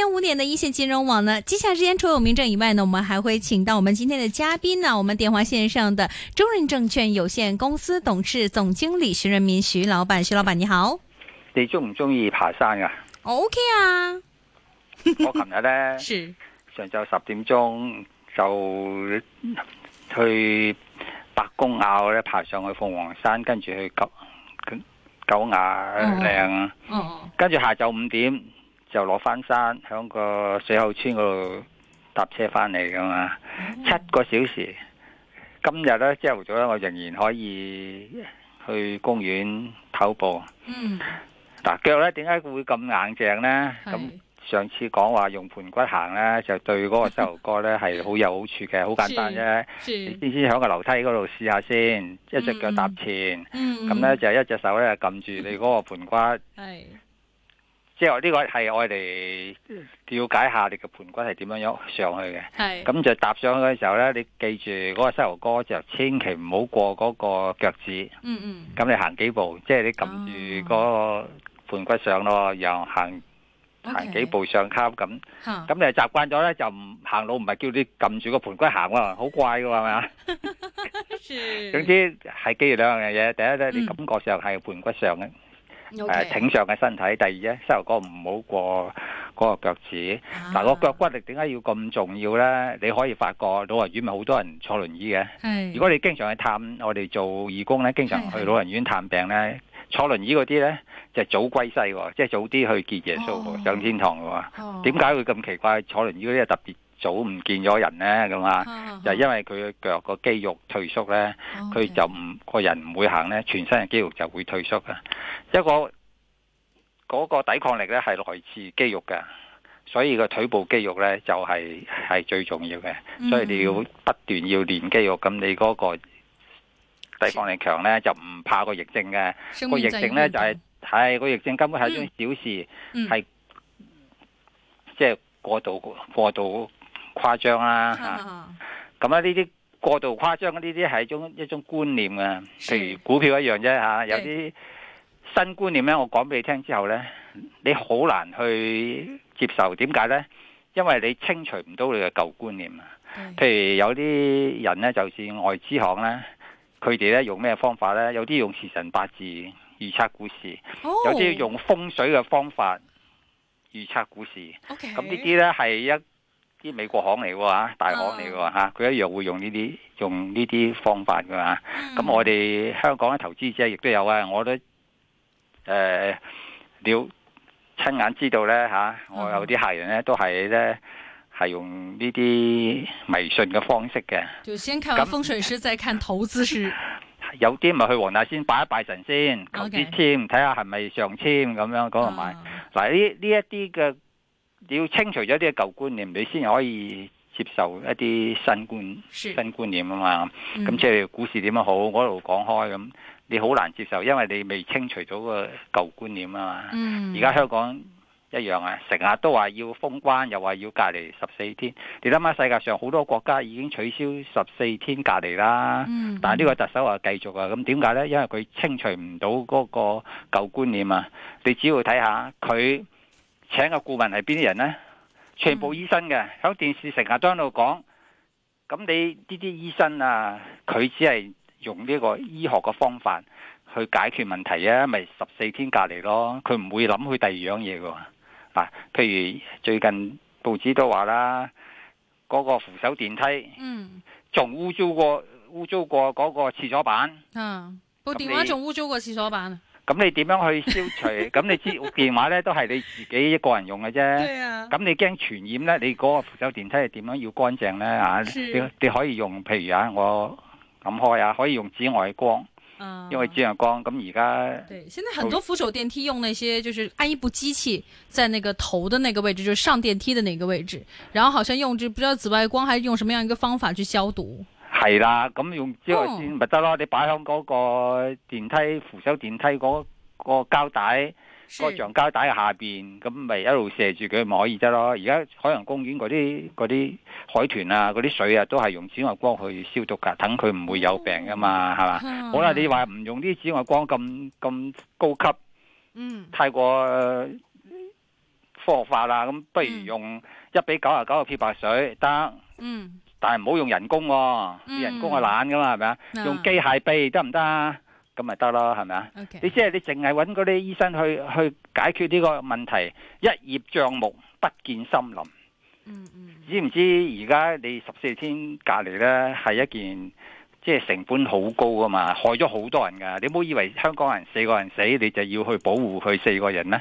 今天五點的一線金融網呢，接下來時間，除有名正以外呢，我們還會請到我們今天的嘉賓呢。我們電話線上的中銀證券有限公司董事總經理徐潤民徐老闆，徐老闆你好。你鍾唔鍾意爬山噶？啊？OK 啊， 我琴日咧， 是上晝十點鐘就去伯公坳咧爬上去鳳凰山，跟住去狗狗牙嶺，oh, oh, oh. 跟住下晝五點。就攞翻山，響個水口村嗰度搭車翻嚟噶嘛，嗯、七個小時。今日咧朝頭早咧，我仍然可以去公園跑步。嗯，嗱腳咧點解會咁硬淨咧？咁上次講話用盆骨行咧，就對嗰個膝頭哥咧係好有好處嘅，好簡單啫。你先先響個樓梯嗰度試下先，一隻腳搭前，咁咧就一隻手咧撳住你嗰個盆骨、嗯。係、嗯。即係呢個係我哋了解下你個盤骨係點樣樣上去嘅，咁是就搭上去嘅時候咧，你記住嗰個膝頭哥就千祈唔好過嗰個腳趾，咁、嗯嗯、你行幾步，即、就、係、是、你撳住個盤骨上咯，然後、啊、行行幾步上坎咁，咁你習慣咗咧就唔行路唔係叫你撳住個盤骨行啦，好怪噶嘛， 總之係記住兩樣嘢，第一咧你感覺上係盤骨上嘅。誒 Okay.、呃，挺上嘅身體。第二咧，膝頭哥唔好過嗰個腳趾。但、啊、個腳骨力點解要咁重要咧？你可以發覺老人院咪好多人坐輪椅嘅。是如果你經常去探我哋做義工咧，經常去老人院探病咧，是是坐輪椅嗰啲咧就是、早歸西，即、就、係、是、早啲去見耶穌、哦、上天堂嘅喎。點解、哦、會咁奇怪？坐輪椅嗰啲係特別。早唔見咗人咧，咁啊，啊就因為佢嘅腳個肌肉退縮咧，佢、啊 okay. 就唔個人唔會行咧，全身嘅肌肉就會退縮嘅。一個嗰、那個、抵抗力咧係來自肌肉嘅，所以個腿部肌肉咧就係、是、係最重要嘅，所以你要不斷要練肌肉，咁、嗯、你嗰個抵抗力強咧就唔怕個疫症嘅、就是。個疫症咧就係，係個疫症根本係一啲小事，係即係過度過度。嗯誇張啊吓，咁啊呢啲過度誇張呢啲係一種一種觀念啊，是譬如股票一樣啫、啊、吓，是有啲新觀念咧，我講俾你聽之後咧，你好難去接受，點解咧？因為你清除唔到你嘅舊觀念啊。是譬如有啲人咧，就算外資行咧，佢哋咧用咩方法咧？有啲用時辰八字預測股市，oh、有啲用風水嘅方法預測股市。咁呢啲咧係一。啲美國行嚟㗎喎，大行嚟㗎喎，佢一樣會用呢啲用呢啲方法㗎嘛。咁、mm. 我哋香港嘅投資者亦都有啊，我都誒了、呃、親眼知道咧嚇、啊，我有啲客人咧都係咧係用呢啲迷信嘅方式嘅。就先看風水師，再看投資師。那 有啲咪去黃大仙拜一拜神先，求簽睇下係咪上簽咁樣，嗰同埋嗱呢呢一啲嘅。你要清除咗啲舊觀念，你先可以接受一啲新觀是新觀念啊嘛。咁、嗯、即係股市點樣好，我一路講開咁，你好難接受，因為你未清除咗個舊觀念啊嘛。而家、嗯、香港一樣啊，成日都話要封關，又話要隔離十四天。你諗下，世界上好多國家已經取消十四天隔離啦，嗯、但係呢個特首話繼續啊。咁點解呢？因為佢清除唔到嗰個舊觀念啊。你只要睇下佢。請嘅顧問係邊啲人呢？全部醫生嘅，響電視成日都喺度講。咁你呢啲醫生啊，佢只係用呢個醫學嘅方法去解決問題啊，咪十四天隔離咯。佢唔會諗去第二樣嘢嘅。譬如最近報紙都話啦，嗰、嗰個扶手電梯，嗯，仲污糟過污糟過嗰個廁所板。嗯、啊，部電話仲污糟過廁所板。咁、嗯、你點樣去消除？咁、嗯、你知電話咧都係你自己一個人用嘅啫。咁你驚傳染咧？你嗰個扶手電梯係點樣要乾淨咧？啊，是你你可以用譬如啊，我撳開啊，可以用紫外光。因為、嗯、紫外光咁而家。嗯嗯、對，現在很多扶手電梯用那些，就是安一部機器在那個頭的那個位置，就是上電梯的那個位置，然後好像用，就不知道紫外光還是用什麼樣一個方法去消毒。係啦，咁用紫外線咪得咯？Oh, 你擺喺嗰個電梯扶手、電梯嗰個膠帶、是個橡膠帶下邊，咁咪一路射住佢，咪可以得咯。而家海洋公園嗰啲嗰啲海豚啊，嗰啲水啊，都係用紫外光去消毒噶，等佢唔會有病噶嘛，係嘛？Oh, 好啦，is 你話唔用啲紫外光咁咁高級，嗯，mm. 太過科學化啦，咁不如用一比九十九嘅漂白水得。Mm. 嗯。但係唔好用人工、哦，啲、嗯、人工係懶噶嘛，係咪啊？用機械臂得唔得啊？咁咪得咯，係咪啊？Okay. 你即係你淨係揾嗰啲醫生去去解決呢個問題，一葉障目不見森林。嗯嗯、知唔知而家你十四天隔離呢係一件即係、就是、成本好高噶嘛？害咗好多人噶，你唔好以為香港人四個人死，你就要去保護佢四個人呢？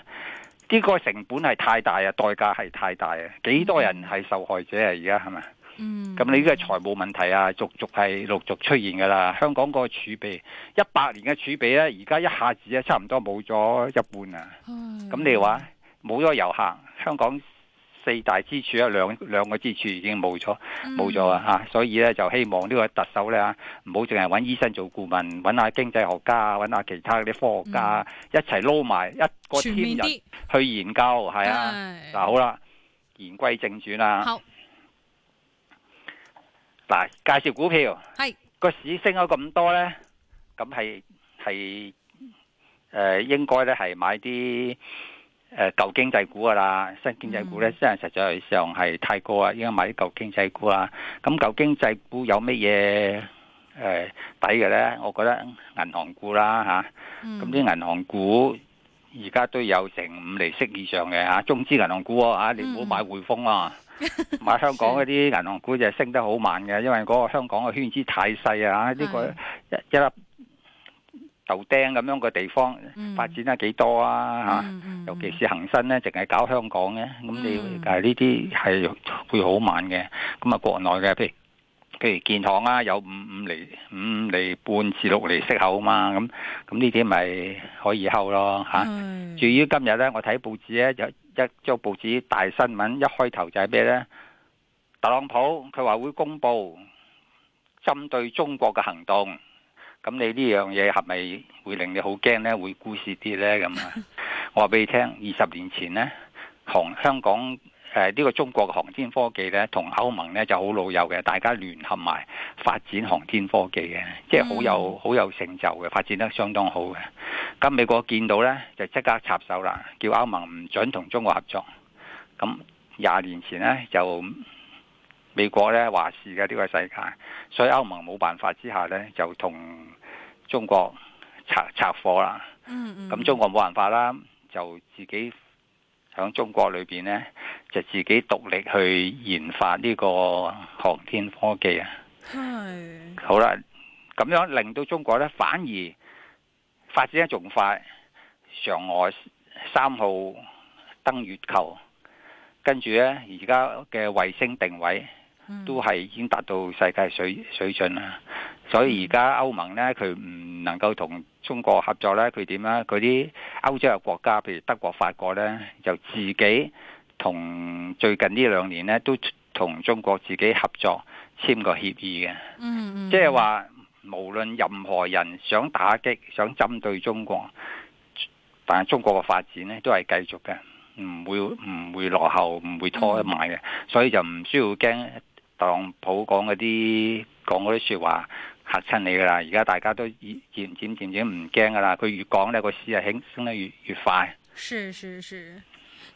呢、這個成本係太大啊，代價係太大啊！幾多人係受害者啊？而家係咪？嗯嗯，咁你呢個財務問題啊，逐逐係陸續出現噶啦。香港個儲備，一百年嘅儲備咧，而家一下子咧，差唔多冇咗一半啊。咁唉你話冇咗遊客，香港四大支柱啊，兩兩個支柱已經冇咗，冇咗、嗯、啊吓。所以咧就希望呢個特首咧啊，唔好淨係揾醫生做顧問，揾下經濟學家，揾下其他啲科學家、嗯、一齊撈埋一個千人去研究，係啊嗱，哎、好啦，言歸正傳啦。嗱，介紹股票係個是市升咗咁多咧，咁係係誒，應該咧係買啲誒、呃、舊經濟股噶啦，新經濟股咧真係實在上係太高啊，應該買啲舊經濟股啦。咁舊經濟股有乜嘢誒抵嘅咧？我覺得銀行股啦吓，咁、啊、啲銀行股。而家都有成五厘息以上嘅嚇、啊，中資銀行股啊，你唔好買匯豐啊，買、嗯、 香港嗰啲銀行股就升得好慢嘅，因為嗰個香港嘅圈子太細啊，呢個一，一粒豆釘咁樣嘅地方發展得幾多啊嚇？嗯、啊尤其是恒生咧，淨係搞香港嘅，咁你但係呢啲係會好慢嘅，咁啊國內嘅譬如。譬如建行啊，有五五厘、五厘半至六厘息口啊嘛，咁咁呢啲咪可以扣咯吓，至於今日咧，我睇報紙咧，有一張報紙大新聞，一開頭就係咩咧？嗯、特朗普佢話會公布針對中國嘅行動，咁、嗯、你呢樣嘢係咪會令你好驚咧？會沽市啲咧咁啊？我話俾你聽，二十年前咧，同香港。誒，呢個中國嘅航天科技呢，同歐盟呢就好老友嘅，大家聯合埋發展航天科技嘅，即係好有、嗯、好有成就嘅，發展得相當好嘅。咁美國見到呢，就即刻插手啦，叫歐盟唔准同中國合作。咁廿年前呢，就美國呢話事嘅呢個世界，所以歐盟冇辦法之下呢，就同中國拆拆伙啦。咁中國冇辦法啦，就自己響中國裏邊呢。就自己獨力去研發呢個航天科技啊，係好啦，咁樣令到中國咧反而發展得仲快，嫦娥三號登月球，跟住咧而家嘅衛星定位都係已經達到世界水水準啦。所以而家歐盟咧佢唔能夠同中國合作咧，佢點呀？佢啲歐洲嘅國家，譬如德國、法國咧，就自己。同最近呢兩年咧，都同中國自己合作簽個協議嘅，即係話無論任何人想打擊、想針對中國，但係中國嘅發展咧都係繼續嘅，唔會唔會落後、唔會拖得埋嘅，嗯、所以就唔需要驚特朗普講嗰啲講啲説話嚇親你㗎喇。而家大家都漸漸漸漸唔驚㗎喇，佢越講咧個市係興升得越越快。是是是。是是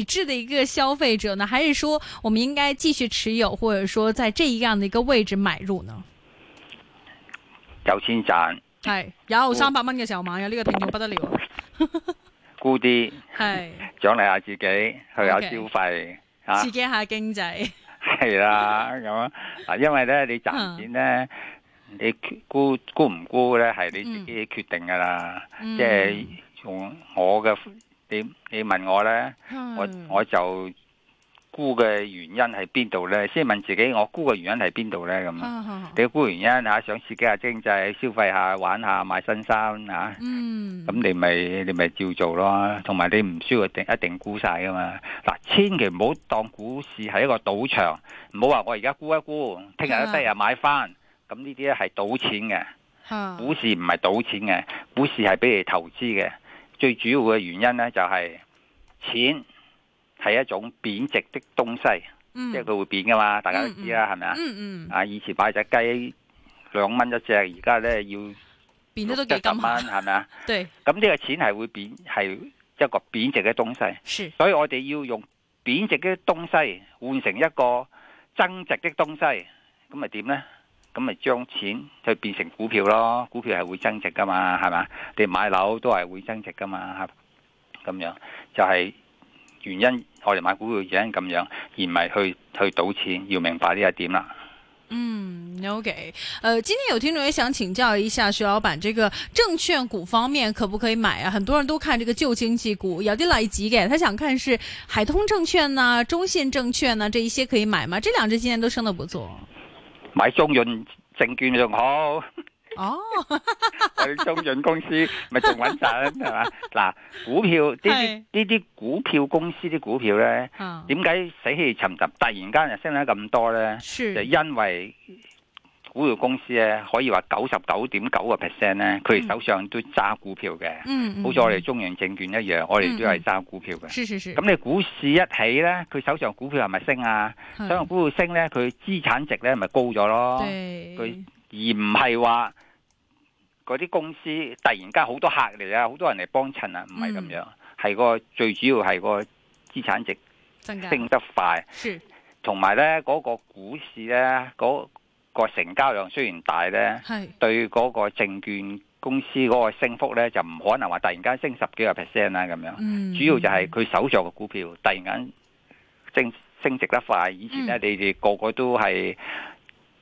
理智的一個消費者呢，還是說我們應該繼續持有，或者說在這一樣的一個位置買入呢？有錢賺係有三百蚊嘅時候買，有呢個體驗不得了。沽啲係獎勵下自己去下消費 okay, 啊，刺激下經濟係啦咁啊、 嗯，因為呢，你賺錢呢，你沽沽唔沽呢？係你自己決定噶啦，嗯、即係用我嘅。你你問我咧，我我就沽嘅原因係邊度咧？先問自己，我沽嘅原因係邊度咧？咁你沽原因吓，啊，想刺激下經濟，消費下，玩下，買新衫啊！嗯，咁你咪你咪照做咯。同埋你唔需要一定一定沽晒噶嘛。嗱，啊，千祈唔好當股市係一個賭場，唔好話我而家沽一沽，聽日啊，第日買翻。咁呢啲咧係賭錢嘅，股市唔係賭錢嘅，股市係俾你投資嘅。最主要嘅原因咧，就係、是、錢係一種貶值的東西，即係佢會貶噶嘛，大家都知啦，係咪啊？啊，以前買隻雞兩蚊一隻，而家咧要變咗都幾咁蚊，係咪啊？對，咁呢、嗯嗯嗯嗯、個錢係會貶，係一個貶值嘅東西。是所以我哋要用貶值嘅東西換成一個增值的東西，咁咪點咧？咁咪將錢就變成股票咯，股票係會增值噶嘛，係、okay、嘛？你買樓都係會增值噶嘛，咁樣就係原因我哋買股票原因咁樣，而唔係去去賭錢，要明白呢一點啦。嗯，OK，誒，今天有聽眾也想請教一下徐老闆，這個證券股方面可不可以買啊？很多人都看這個舊經濟股，有啲來急嘅，他想看是海通證券呢、啊、中信證券呢、啊，這一些可以買嗎？這兩隻今年都升得不錯。買中潤證券的仲好。哦！ 股票公司咧，可以話九十九點九個 percent 咧，佢手上都揸股票嘅。嗯，好似我哋中銀證券一樣，我哋都係揸股票嘅。咁、嗯、你股市一起咧，佢手上股票係咪升啊？是手上股票升咧，佢資產值咧咪高咗咯？佢對而唔係話嗰啲公司突然間好多客嚟啊，好多人嚟幫襯啊，唔係咁樣。係、嗯、個最主要係個資產值升得快。同埋咧，嗰、嗰個股市咧，嗰個個成交量雖然大咧，是對嗰個證券公司嗰個升幅咧，就唔可能話突然間升十幾個 percent 啦咁樣。嗯、主要就係佢手上嘅股票突然間升升值得快。以前咧，嗯、你哋個個都係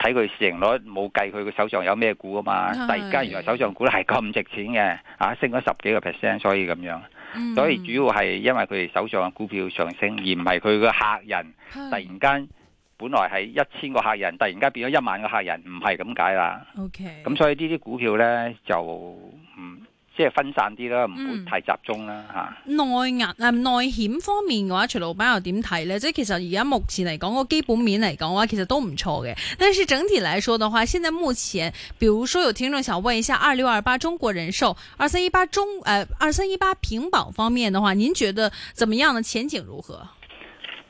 睇佢市盈率，冇計佢個手上有咩股啊嘛。突然間原來手上股咧係咁值錢嘅，啊升咗十幾個 percent，所以咁樣。嗯、所以主要係因為佢哋手上嘅股票上升，而唔係佢嘅客人突然間是。本來係一千個客人，突然間變咗一萬個客人，唔係咁解啦。O K，咁所以呢啲股票呢，就唔即係分散啲啦，唔會太集中啦吓、嗯。內銀誒內險方面嘅話，徐老闆又點睇呢？即係其實而家目前嚟講，個基本面嚟講嘅話，其實都唔錯嘅。但是整體來說嘅話，現在目前，比如說有聽眾想問一下，二六二八中國人壽，二三一八中誒，二三一八平保方面嘅話，您覺得怎麼樣？嘅前景如何？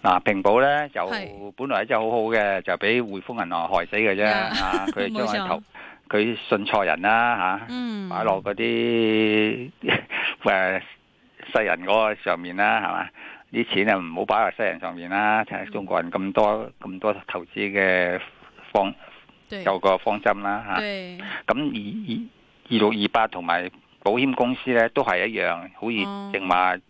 嗱、啊，平保咧就本來一隻好好嘅，是就俾匯豐銀行害死嘅啫。啊，佢將個投佢信錯人啦，吓，擺落嗰啲誒西人嗰個上面啦、啊，係嘛？啲錢啊唔好擺落西人上面啦、啊。就係、嗯、中國人咁多咁多投資嘅方對有個方針啦、啊，吓、啊。咁二二六二八同埋保險公司咧都係一樣，好似淨埋。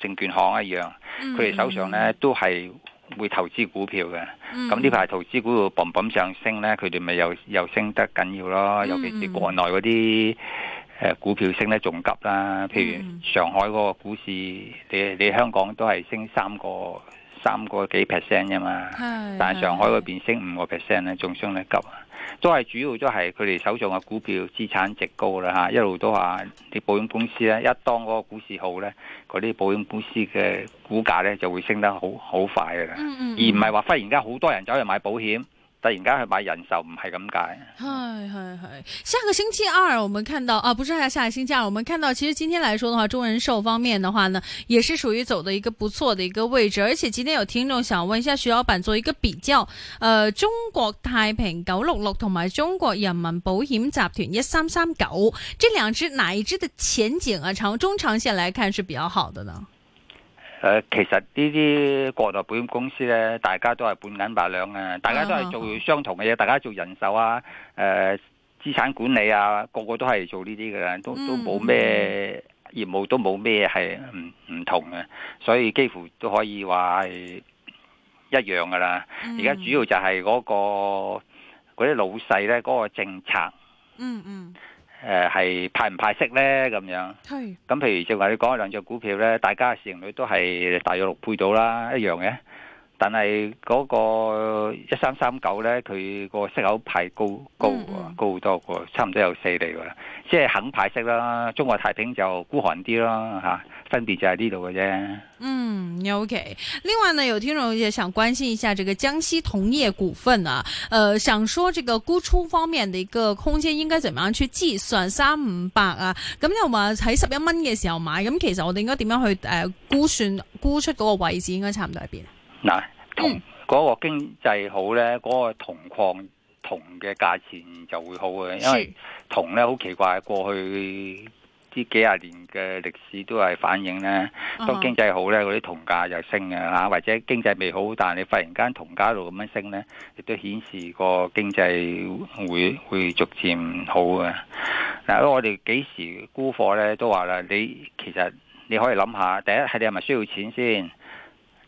證券行一樣，佢哋手上咧都係會投資股票嘅。咁呢排投資股票 boom boom 上升咧，佢哋咪又又升得緊要咯。嗯、尤其是國內嗰啲誒股票升得仲急啦。譬如上海嗰個股市，嗯、你你香港都係升三個三個幾 percent 啫嘛，是但係上海嗰邊升五個 percent 咧，仲升得急。都係主要都係佢哋手上嘅股票資產值高啦吓、啊，一路都話啲保險公司咧一當嗰個股市好咧，嗰啲保險公司嘅股價咧就會升得好好快噶啦，而唔係話忽然間好多人走去買保險。突然間去買人壽，唔係咁解。係係係，下個星期二我們看到啊，不是下下個星期二，我們看到其實今天來說的話，中人壽方面的話呢，也是屬於走的一個不錯的一個位置。而且今天有聽眾想問一下徐老闆做一個比較，呃，中國太平九六六同埋中國人民保險集團一三三九，這兩支，哪一支的前景啊，長中長線來看是比較好的呢？誒、呃，其實呢啲國內保險公司咧，大家都係半斤八兩啊，大家都係做相同嘅嘢，大家做人壽啊，誒、呃，資產管理啊，個個都係做呢啲嘅啦，都都冇咩業務都，都冇咩係唔唔同嘅，所以幾乎都可以話係一樣噶啦。而家主要就係嗰、嗰個嗰啲老細咧，嗰、嗰個政策。嗯嗯。嗯誒，係派唔派息咧？咁樣係咁。譬如，就話你講兩隻股票咧，大家嘅市盈率都係大約六倍到啦，一樣嘅。但係嗰個一三三九咧，佢個息口派高高高多過差唔多有四釐喎，即係肯派息啦。中國太平就孤寒啲咯嚇，分、啊、別就喺呢度嘅啫。嗯，OK。另外呢，有聽眾也想關心一下這個江西銅業股份啊，呃，想說這個估出方面的一個空間應該點樣去計算三五百啊？咁又話喺十一蚊嘅時候買，咁其實我哋應該點樣去誒估、呃、算估出嗰個位置應該差唔多喺邊？嗱，銅嗰個經濟好咧，嗰個銅礦銅嘅價錢就會好嘅，因為銅咧好奇怪，過去呢幾廿年嘅歷史都係反映咧，當經濟好咧，嗰啲銅價就升嘅吓，或者經濟未好，但係你忽然間銅價度咁樣升咧，亦都顯示個經濟會會逐漸好嘅。嗱，我哋幾時沽貨咧都話啦，你其實你可以諗下，第一係你係咪需要錢先，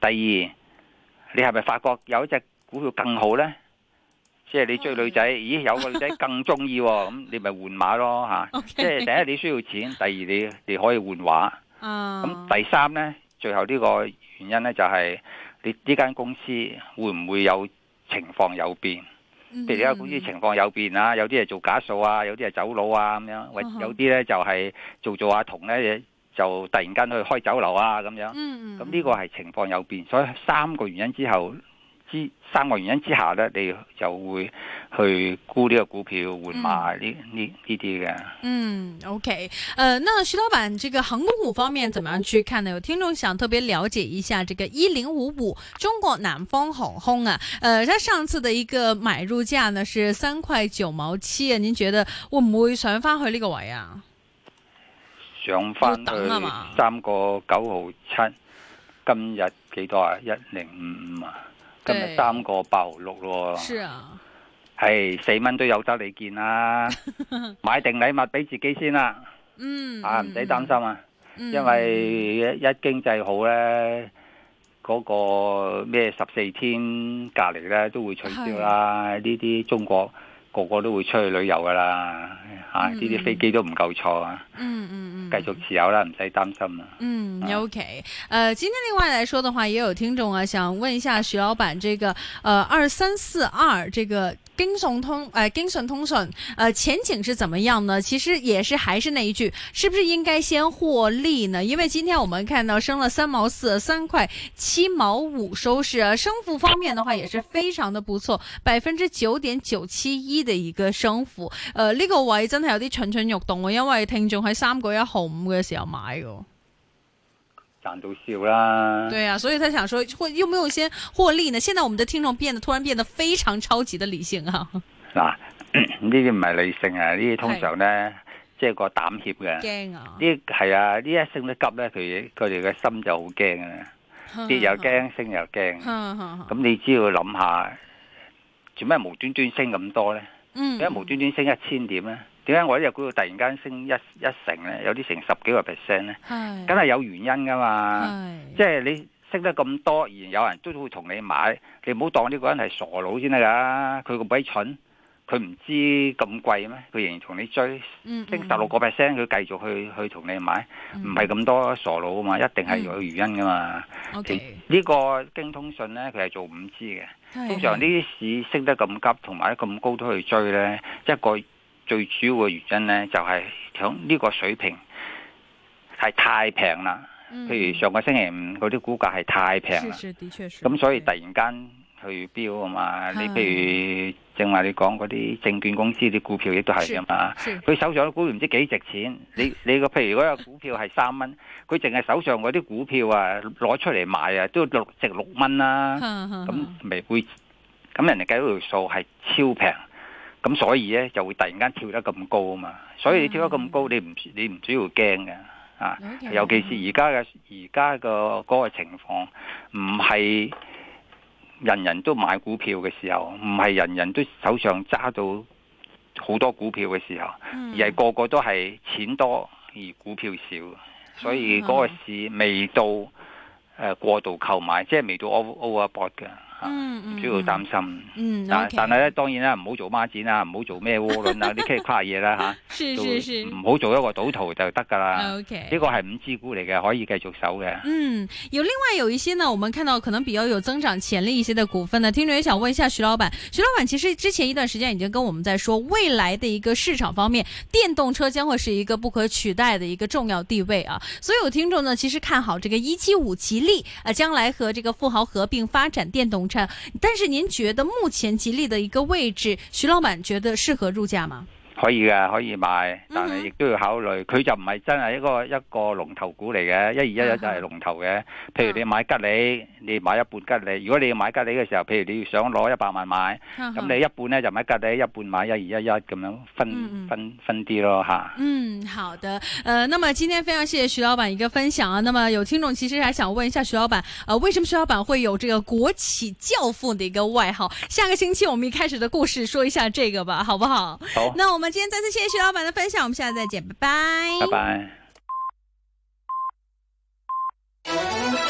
第二。你係咪發覺有一隻股票更好呢？即係你追女仔，咦，有個女仔更中意，咁你咪換馬咯吓。即係第一你需要錢，第二你你可以換畫。咁第三呢，最後呢個原因呢就係你呢間公司會唔會有情況有變？譬如而家公司情況有變啊，有啲係做假數啊，有啲係走佬啊咁樣，或者有啲呢就係做做下同呢。就突然間去開酒樓啊，咁樣，咁呢個係情況有變，所以三個原因之後之三個原因之下呢，你就會去估呢個股票換賣呢呢呢啲嘅。嗯，嗯，OK，誒、呃，那徐老闆，這個航空股方面，怎麼樣去看呢？有聽眾想特別了解一下，這個一零五五中國南方航空啊，誒、呃，佢上次的一個買入價呢，是三塊九毛七啊，您覺得會唔會上返去呢個位啊？上返去三個九毫七，今日幾多啊？一零五五啊！今日三個八毫六咯。係啊，係四蚊都有得你見啦。買定禮物俾自己先啦。嗯，啊唔使擔心啊，因為一經濟好咧，嗰個咩十四天隔離咧都會取消啦。呢啲中國。個個都會出去旅遊噶啦，吓呢啲飛機都唔夠坐啊！嗯嗯嗯，繼續持有啦，唔使擔心啦。嗯、啊，OK。誒，今天另外來說的話，也有聽眾啊，想問一下徐老闆，這個誒二三四二這個。Uh, 京信通，呃，京信通信，呃，前景是怎麼樣呢？其實也是還是那一句，是不是應該先獲利呢？因為今天我們看到升了三毛四，三塊七毛五，收市、啊、升幅方面的話也是非常的不錯，百分之九點九七一的一個升幅，呃、呢、這個位真係有啲蠢蠢欲動，因為聽眾喺三個一毫五嘅時候買嘅。賺到笑啦！對啊，所以他想說，會又沒有一些獲利呢？現在我們的聽眾變得突然變得非常超級的理性啊！嗱，呢啲唔係理性啊，呢啲通常呢，是即係個膽怯嘅，驚啊！呢係啊，呢一升得急呢，佢佢哋嘅心就好驚啊！啲又驚升又驚，咁你只要諗下，做咩無端端，端升咁多呢？嗯，點解無端端升一千點呢？而家我啲入股會突然間升一一成咧，有啲成十幾個 percent 咧，梗係有原因噶嘛？即係你升得咁多，而有人都會同你買，你唔好當呢個人係傻佬先得㗎。佢咁鬼蠢，佢唔知咁貴咩？佢仍然同你追升十六個 percent，佢繼續去去同你買，唔係咁多傻佬啊嘛？一定係有原因噶嘛？呢個京通訊咧，佢係做五 G 嘅，通常呢啲市升得咁急，同埋咁高都去追咧，一個。最主要嘅原因呢，就係響呢個水平係太平啦。譬如上個星期五嗰啲股價係太平啦。係係，的確係。咁所以突然間去飆啊嘛！對你譬如正話你講嗰啲證券公司啲股票亦都係㗎嘛。佢手上股唔知幾值錢。你你個譬如嗰個股票係三蚊，佢淨係手上嗰啲股票啊攞出嚟賣啊，都六值六蚊啦。咁咪會咁人哋計條數係超平。咁所以咧就會突然間跳得咁高啊嘛！所以你跳得咁高，你唔你唔需要驚嘅啊！尤其是而家嘅而家個嗰個情況，唔係人人都買股票嘅時候，唔係人人都手上揸到好多股票嘅時候，而係個個都係錢多而股票少，所以嗰個市未到誒過度購買，即係未到 overboard 嘅。啊、嗯，主要擔心。嗯，但嗯、okay. 但係咧，當然啦，唔好做孖展啦，唔好做咩渦輪啦，啲咁嘅誇嘢啦，吓。 是是是，唔好做一個賭徒就得㗎喇。O K，呢個係五支股嚟嘅，可以繼續守嘅。嗯，有另外有一些呢，我們看到可能比較有增長潛力一些的股份呢。聽眾也想問一下徐老闆，徐老闆其實之前一段時間已經跟我們在說，未來的一個市場方面，電動車將會是一個不可取代的一個重要地位啊。所有聽眾呢，其實看好這個一七五吉利啊，將來和這個富豪合併發展電動。產，但是您覺得目前吉利的一個位置，徐老闆覺得適合入價嗎？可以嘅，可以買，但係亦都要考慮，佢、嗯、哼就唔係真係一個一個龍頭股嚟嘅，一二一一就係龍頭嘅。嗯、哼譬如你買吉利，你買一半吉利。如果你要買吉利嘅時候，譬如你要想攞一百萬買，咁、嗯、哼你一半呢就買吉利，一半買一二一一咁樣分嗯，嗯，分分啲咯吓。嗯，好的，誒、呃，那麼今天非常謝謝徐老闆一個分享啊。那麼有聽眾其實還想問一下徐老闆，誒、呃，為什麼徐老闆會有這個國企教父的一個外號？下個星期我們一開始的故事說一下這個吧，好不好？好，那我們。今天再次謝謝徐老闆的分享，我們下次再見，拜拜。拜拜。